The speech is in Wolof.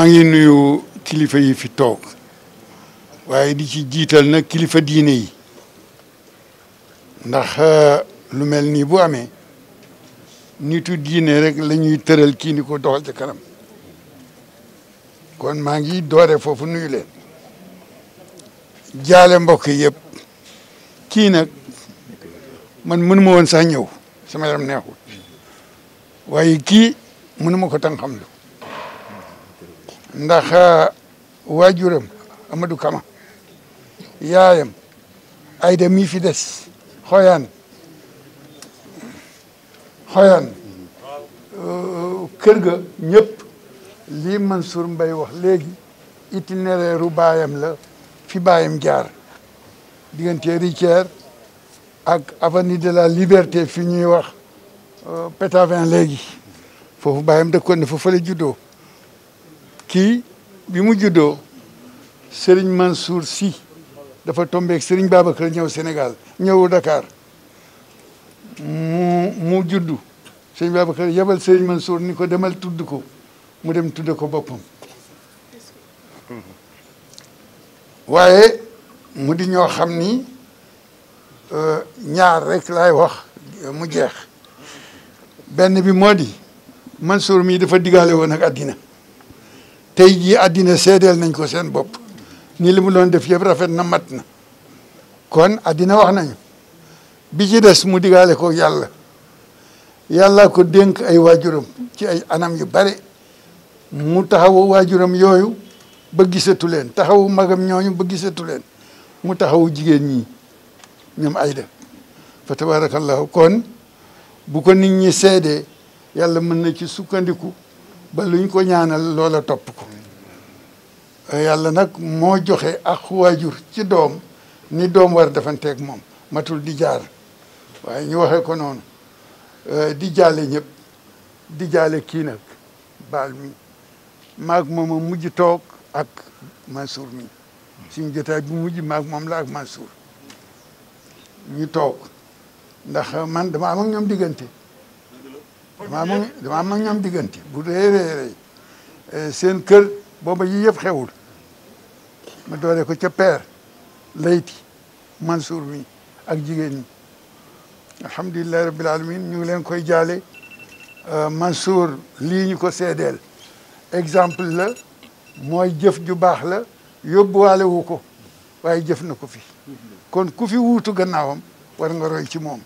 maa ngi nuyu kilifa yi fi toog waaye di ci jiital na kilifa diine yi ndax euh, lu mel nii bu amee nitu diine rek la ñuy tëral kii ni ko doxal ci kanam kon maa ngi doore foofu nuyu leen jaale mbokk yëpp kii nag man mënu ma woon sax ñëw sama yaram neexul waaye kii mënu ko tan xam lu ndax ah, waajuram Amadou Kama yaayam Ayda mii fi des xoyaan xoyaan euh, kër ga ñëpp lii Mansour mbay wax léegi itinéraire baayam la fi baayam jaar diggante Richard ak avenue de la liberté fi ñuy wax euh, Pétavin léegi foofu baayam dëkkoon ne fa fële juddoo Ki bi mu mansur Serigne Mansour si dafa ak Serigne Babacar ñew senegal ñew Dakar mu mu juddu Serigne Babacar yebal Serigne Mansour ni demal tuddu ko mu dem tuddu ko bopam waye mu di ñoo xamni euh ñaar rek lay wax mu jeex ben bi modi Mansour mi dafa digale won ak tey jii àddina seedeel nañ ko seen bopp ni li mu doon def yëpp rafet na mat na kon àddina wax nañu bi ci des mu digaale ko yàlla yàlla ko dénk ay waajuram ci ay anam yu bare mu taxawu waajuram yooyu ba gisatu leen taxaw wu magam ñooñu ba gisatu leen mu taxawu jigéen ñi ñoom ayda fa tabarakallahu kon bu ko nit ñi seedee yàlla mën na ci sukkandiku ba luñ ko ñaanal loola topp ko yàlla nag moo joxe ak waajur ci doom ni doom war defanteeg moom matul di jaar waaye ñu waxe ko noon eh, di jaale ñépp di jaale kii nag baal mi maag moom a mujj toog ak Mansour mi suñu jotaay bu mujj maag moom la ak Mansour ñu toog ndax man dama am ñoom diggante dama am dama am ak ñoom diggante bu réy réy réy eh, seen kër booba yi yëpp xewul ma doore ko ca père layti Mansour mi ak jigéen ñi alhamdulillahi rabbil alamin ñu ngi leen koy jaale euh, Mansour lii ñu ko seedeel exemple la mooy jëf ju baax la yóbbuwaale wu ko waaye jëf na ko fi kon ku fi wuutu gannaawam war nga roy ci moom